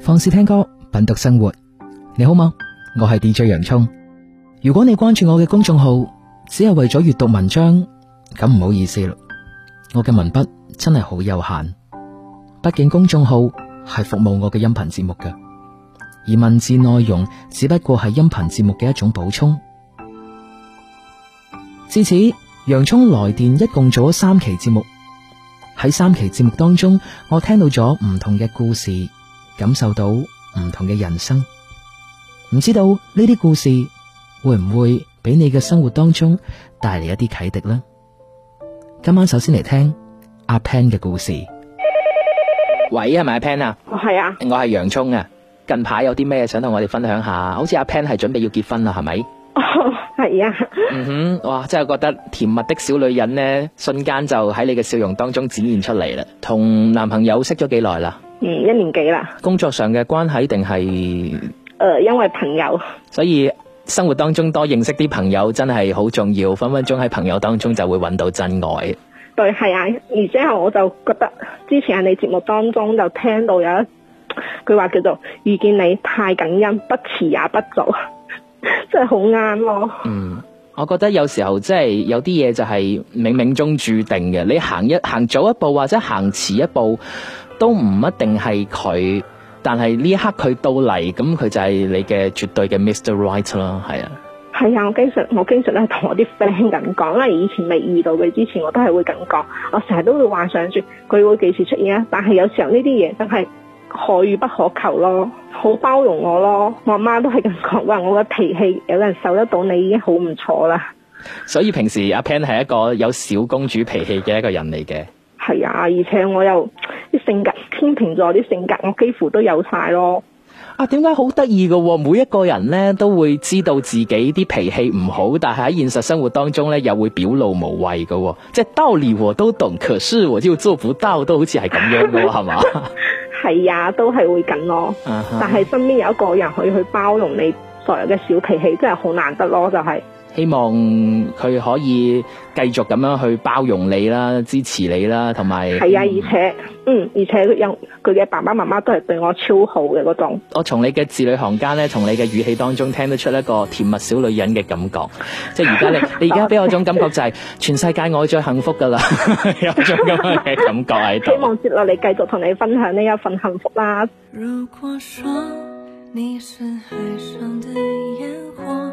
放肆聽歌，品讀生活。你好嗎？我係 DJ 洋蔥。如果你關注我嘅公眾號，只係為咗閱讀文章，咁唔好意思啦。我嘅文筆真係好有限，畢竟公眾號係服務我嘅音頻節目嘅，而文字內容只不過係音頻節目嘅一種補充。至此，洋蔥來電一共做咗三期節目。喺三期節目當中，我聽到咗唔同嘅故事。感受到唔同嘅人生，唔知道呢啲故事會唔會俾你嘅生活當中帶嚟一啲啟迪呢？今晚首先嚟聽阿 Pen 嘅故事。喂，係咪阿 Pen 啊？哦，係啊。我係洋葱啊。近排有啲咩想同我哋分享一下？好似阿 Pen 係準備要結婚啦，係咪？哦，係啊。嗯哼，哇，真係覺得甜蜜的小女人呢，瞬間就喺你嘅笑容當中展現出嚟啦。同男朋友識咗幾耐啦？嗯，一年幾啦。工作上嘅關係定係誒，因為朋友，所以生活當中多認識啲朋友真係好重要。分分鐘喺朋友當中就會搵到真愛。對，係啊。然之後我就覺得之前喺你節目當中就聽到有一句話叫做遇見你太感恩，不遲也不早，真係好啱咯。嗯，我覺得有時候即係、就是、有啲嘢就係冥冥中注定嘅。你行一行早一步或者行遲一步。都唔一定係佢，但係呢一刻佢到嚟，咁佢就係你嘅絕對嘅 Mr. Right 咯，係啊。係啊，我經常我經常都係同我啲 friend 咁講啦，以前未遇到佢之前，我都係會咁講，我成日都會幻想住佢會幾時出現啊。但係有時候呢啲嘢真係可遇不可求咯，好包容我咯。我阿媽都係咁講，話我嘅脾氣有人受得到你已經好唔錯啦。所以平時阿 Pan 係一個有小公主脾氣嘅一個人嚟嘅。係啊，而且我又啲性格天秤座啲性格，我幾乎都有晒咯。啊，點解好得意噶？每一個人咧都會知道自己啲脾氣唔好，但係喺現實生活當中咧又會表露無遺噶、哦。即係道理我都懂，可是我就做不到，都好似係咁樣噶，係 嘛？係啊，都係會咁咯。Uh-huh. 但係身邊有一個人可以去包容你所有嘅小脾氣，真係好難得咯，就係、是。希望佢可以繼續咁樣去包容你啦，支持你啦，同埋係啊、嗯，而且，嗯，而且佢有佢嘅爸爸媽媽都係對我超好嘅嗰種。我從你嘅字裏行間咧，從你嘅語氣當中，聽得出一個甜蜜小女人嘅感覺。即係而家你，你而家俾我種感覺就係全世界我最幸福噶啦， 有種咁嘅感覺喺度。希望接落嚟繼續同你分享呢一份幸福啦。如果說你是海上的煙火。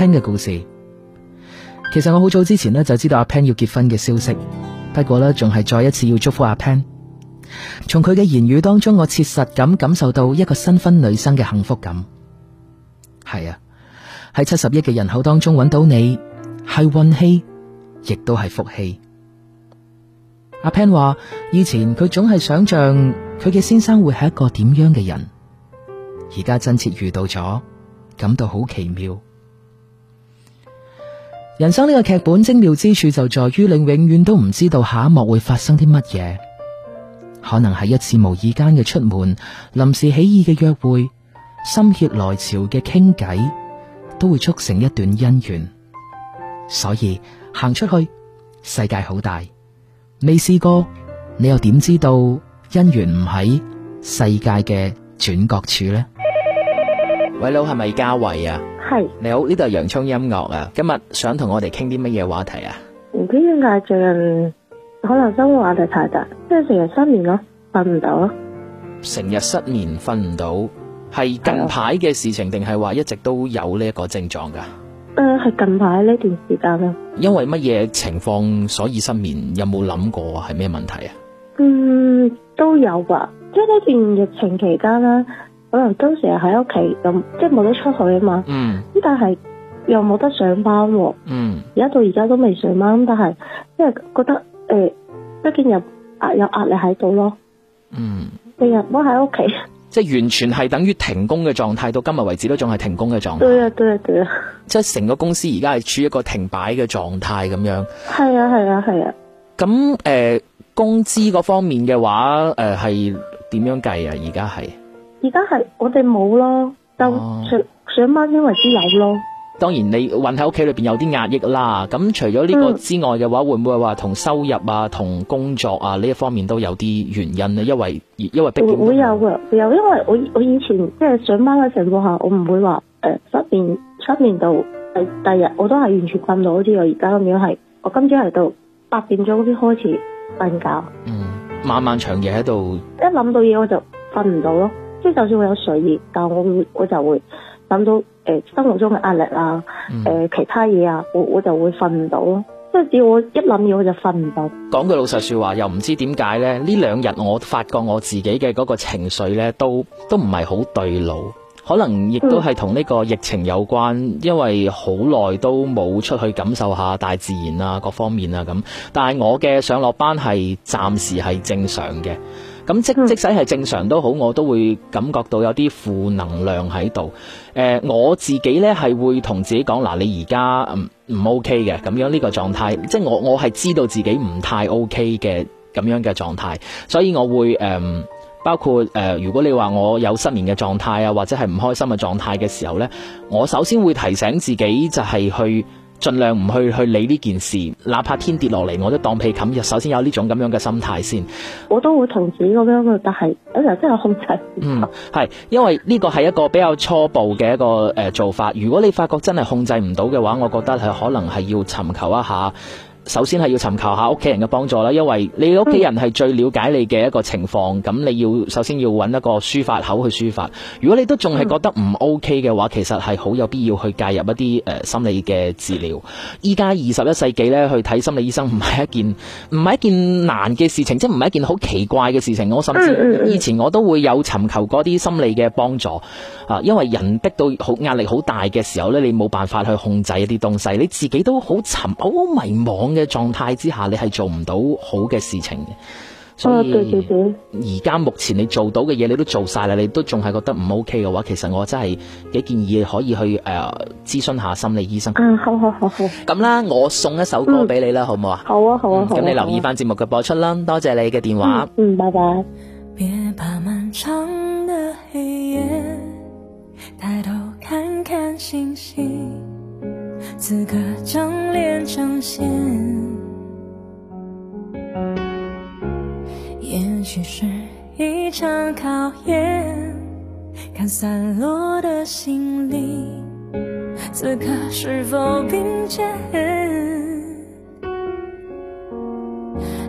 阿 Pen 嘅故事，其實我好早之前呢就知道阿 Pen 要結婚嘅消息，不過呢，仲係再一次要祝福阿 Pen。從佢嘅言語當中，我切實咁感，感受到一個新婚女生嘅幸福感。係啊，喺七十億嘅人口當中揾到你係運氣，亦都係福氣。阿 Pen 話以前佢總係想象佢嘅先生會係一個點樣嘅人，而家真切遇到咗，感到好奇妙。人生呢個劇本精妙之處就在於你永遠都唔知道下一幕會發生啲乜嘢，可能係一次無意間嘅出門、臨時起意嘅約會、心血來潮嘅傾偈，都會促成一段姻緣。所以行出去，世界好大，未試過，你又點知道姻緣唔喺世界嘅轉角處呢？「喂，老係咪嘉維啊？係，你好，呢度係洋蔥音樂啊！今日想同我哋傾啲乜嘢話題啊？唔知點解最近可能生活壓力太大，即係成日失眠咯，瞓唔到咯！成日失眠瞓唔到，係近排嘅事情定係話一直都有呢一個症狀噶？誒、呃，係近排呢段時間啦。因為乜嘢情況所以失眠？有冇諗過係咩問題啊？嗯，都有噶，即係呢段疫情期間啦。可能都成日喺屋企咁，即係冇得出去啊嘛。咁、嗯、但係又冇得上班喎。而、嗯、家到而家都未上班，但係即係覺得誒，畢竟有壓有壓力喺度咯。成日都喺屋企，即係完全係等於停工嘅狀態。到今日為止都仲係停工嘅、啊啊啊啊、狀態。對啊，對啊，對啊。即係成個公司而家係處於一個停擺嘅狀態咁樣。係啊，係啊，係啊。咁誒，工資嗰方面嘅話，誒係點樣計啊？而家係？而家係我哋冇咯，就除上班因為先有咯、啊。當然你困喺屋企裏邊有啲壓抑啦。咁除咗呢個之外嘅話，嗯、會唔會話同收入啊、同工作啊呢一方面都有啲原因咧？因為因為逼會會有啊，會有，因為我我以前即係上班嘅情況下，我唔會話誒、呃、失眠失眠到第第日，天我都係完全瞓唔到，好似我而家咁樣係。我今朝喺度八點鐘先開始瞓覺。嗯，漫漫長夜喺度。一諗到嘢我就瞓唔到咯。即係就算我有睡意，但係我我就會諗到誒生活中嘅壓力啊，誒、欸、其他嘢啊，我我就會瞓唔到咯。即係只要我一諗嘢，我就瞓唔到。講句老實說話，又唔知點解咧？呢兩日我發覺我自己嘅嗰個情緒咧，都都唔係好對路。可能亦都係同呢個疫情有關，嗯、因為好耐都冇出去感受下大自然啊，各方面啊咁。但係我嘅上落班係暫時係正常嘅。咁即即使係正常都好，我都會感覺到有啲負能量喺度、呃。我自己呢係會同自己講嗱、啊，你而家唔唔 OK 嘅咁樣呢、呢個狀態，即我我係知道自己唔太 OK 嘅咁樣嘅狀態，所以我會、呃、包括、呃、如果你話我有失眠嘅狀態啊，或者係唔開心嘅狀態嘅時候呢，我首先會提醒自己就係去。盡量唔去去理呢件事，哪怕天跌落嚟我都當被冚。首先有呢種咁樣嘅心態先，我都會同自己咁樣，但係有時候真係控制。嗯，係，因為呢個係一個比較初步嘅一個誒、呃、做法。如果你發覺真係控制唔到嘅話，我覺得係可能係要尋求一下。首先係要尋求下屋企人嘅幫助啦，因為你屋企人係最了解你嘅一個情況，咁你要首先要揾一個書法口去書法。如果你都仲係覺得唔 OK 嘅話，其實係好有必要去介入一啲誒、呃、心理嘅治療。依家二十一世紀咧，去睇心理醫生唔係一件唔係一件難嘅事情，即係唔係一件好奇怪嘅事情。我甚至以前我都會有尋求過啲心理嘅幫助啊、呃，因為人逼到好壓力好大嘅時候咧，你冇辦法去控制一啲東西，你自己都好沉好迷茫。嘅狀態之下，你係做唔到好嘅事情嘅，所以而家目前你做到嘅嘢，你都做晒啦，你都仲係覺得唔 OK 嘅話，其實我真係幾建議可以去誒諮詢下心理醫生。嗯，好好好好。咁啦，我送一首歌俾你啦，嗯、好唔好，好啊？好啊，好啊，好啊。咁、啊、你留意翻節目嘅播出啦，多謝你嘅電話。嗯，拜拜。 此刻，正連成線，也許是一場考驗。看散落的心靈，此刻是否並肩？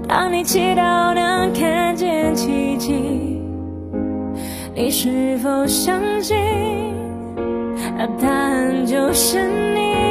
當你祈禱能看見奇迹，你是否相信？那答案就是你。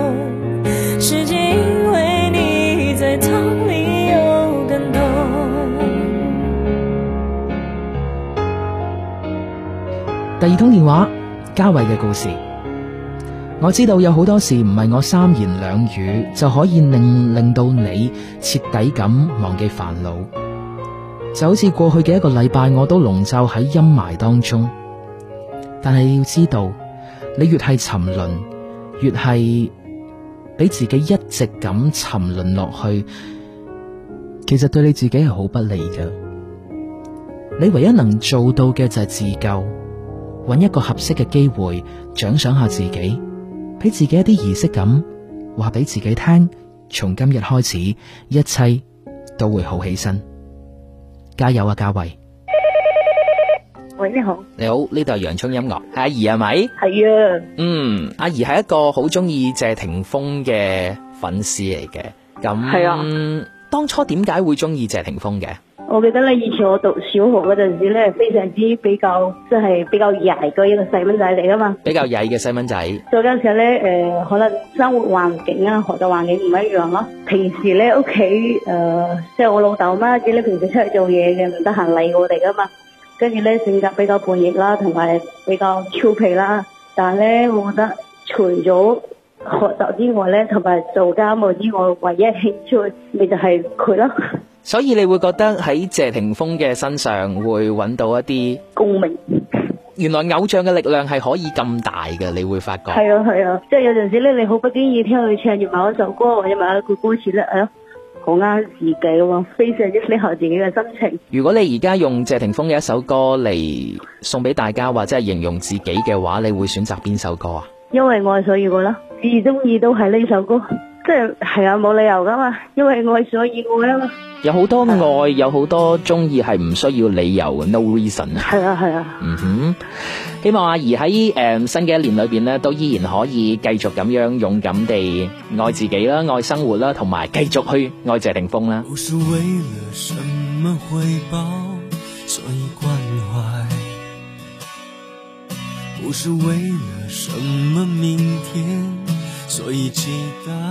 第二通電話，嘉偉嘅故事。我知道有好多事唔係我三言兩語就可以令令到你徹底咁忘記煩惱。就好似過去嘅一個禮拜，我都籠罩喺陰霾當中。但係要知道，你越係沉淪，越係俾自己一直咁沉淪落去，其實對你自己係好不利嘅。你唯一能做到嘅就係自救。揾一個合適嘅機會獎賞下自己，俾自己一啲儀式感，話俾自己聽，從今日開始，一切都會好起身，加油啊，嘉慧！喂，你好，你好，呢度係洋蔥音樂，係阿姨係咪？係啊，嗯，阿姨係一個好中意謝霆鋒嘅粉絲嚟嘅，咁，係啊，當初點解會中意謝霆鋒嘅？我記得咧，以前我讀小學嗰陣時咧，非常之比較即係、就是、比較曳嘅一個細蚊仔嚟㗎嘛，比較曳嘅細蚊仔。再加上咧，誒、呃，可能生活環境啊、學習環境唔一樣咯。平時咧，屋企誒，即係我老豆媽子咧，平時出去做嘢嘅唔得閒理我哋㗎嘛。跟住咧，性格比較叛逆啦，同埋比較調皮啦。但係咧，我覺得除咗學習之外咧，同埋做家務之外，唯一興趣咪就係佢咯。所以你會覺得喺謝霆鋒嘅身上會揾到一啲共鳴。原來偶像嘅力量係可以咁大嘅，你會發覺、啊。係啊係啊，即係有陣時咧，你好不經意聽佢唱住某一首歌或者某一句歌詞咧，係咯，好啱自己嘅，非常之適合自己嘅心情。如果你而家用謝霆鋒嘅一首歌嚟，送俾大家或者係形容自己嘅話，你會選擇邊首歌啊？因為愛所以愛啦，最中意都係呢首歌。即係係啊，冇理由噶嘛，因為愛所以愛啊嘛。有好多愛，有好多中意係唔需要理由嘅，no reason 啊。係啊係啊。嗯哼，希望阿儀喺誒新嘅一年裏邊呢，都依然可以繼續咁樣勇敢地愛自己啦，愛生活啦，同埋繼續去愛謝霆鋒啦。不是為了什麼回報所以關懷，不是為了什麼明天所以期待。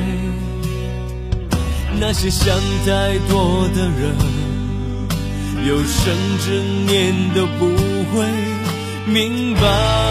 那些想太多的人，有生之年都不會明白。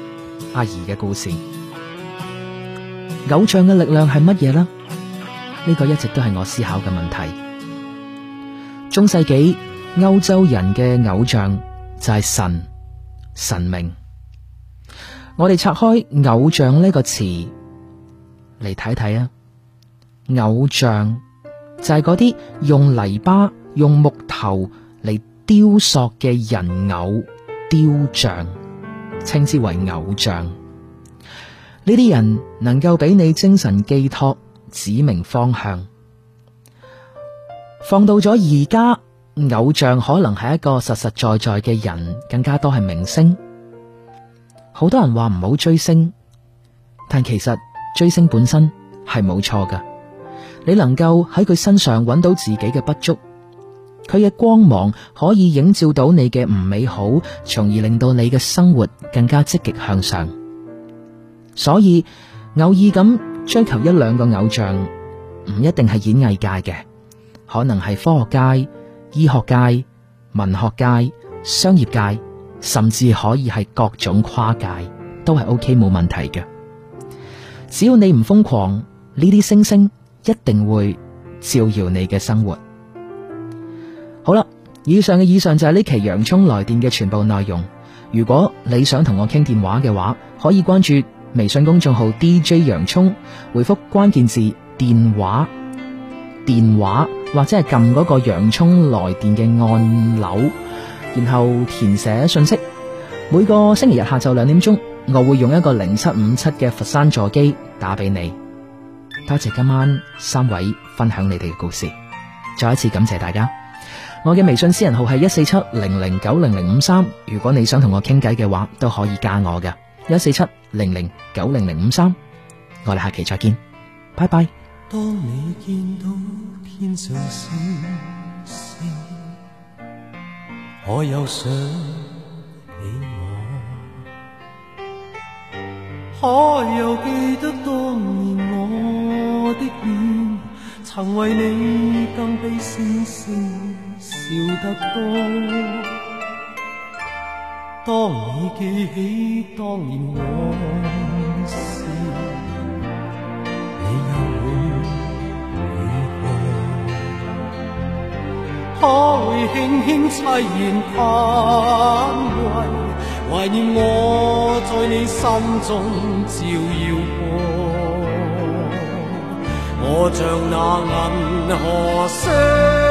阿姨嘅故事，偶像嘅力量係乜嘢呢？呢、這個一直都係我思考嘅問題。中世紀歐洲人嘅偶像就係神、神明。我哋拆開偶像呢個詞嚟睇睇啊，偶像就係嗰啲用泥巴、用木頭嚟雕塑嘅人偶雕像。稱之為偶像，呢啲人能夠俾你精神寄託，指明方向。放到咗而家，偶像可能係一個實實在在嘅人，更加多係明星。好多人話唔好追星，但其實追星本身係冇錯㗎，你能夠喺佢身上揾到自己嘅不足。佢嘅光芒可以映照到你嘅唔美好，從而令到你嘅生活更加積極向上。所以，偶爾咁追求一兩個偶像，唔一定係演藝界嘅，可能係科學界、醫學界、文學界、商業界，甚至可以係各種跨界，都係 OK，冇問題嘅。只要你唔瘋狂，呢啲星星一定會照耀你嘅生活。好啦，以上嘅以上就係呢期洋葱來電嘅全部內容。如果你想同我傾電話嘅話，可以關注微信公眾號 DJ 洋葱，回覆關鍵字電話電話或者係撳嗰個洋葱來電嘅按鈕，然後填寫信息。每個星期日下晝兩點鐘，我會用一個零七五七嘅佛山座機打俾你。多謝今晚三位分享你哋嘅故事，再一次感謝大家。我嘅微信私人號係1470090053，如果你想同我傾偈嘅，話都可以加我嘅1470090053。我哋下期再見，拜拜。當你見到天上星星，可又想起我，可又記得當年我的願曾為你更悲試試笑得多，當你記起當年往事，你又會如何？可會輕輕凄然嘆喟，懷念我在你心中照耀過？我像那銀河星。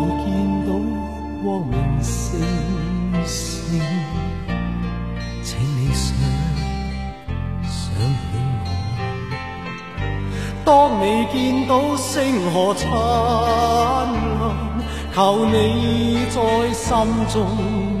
當你見到星河燦爛，求你在心中。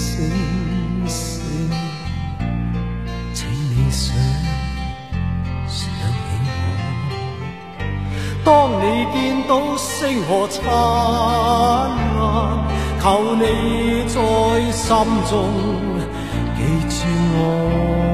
星星，請你想想起我。當你見到星河燦爛，求你在心中記住我。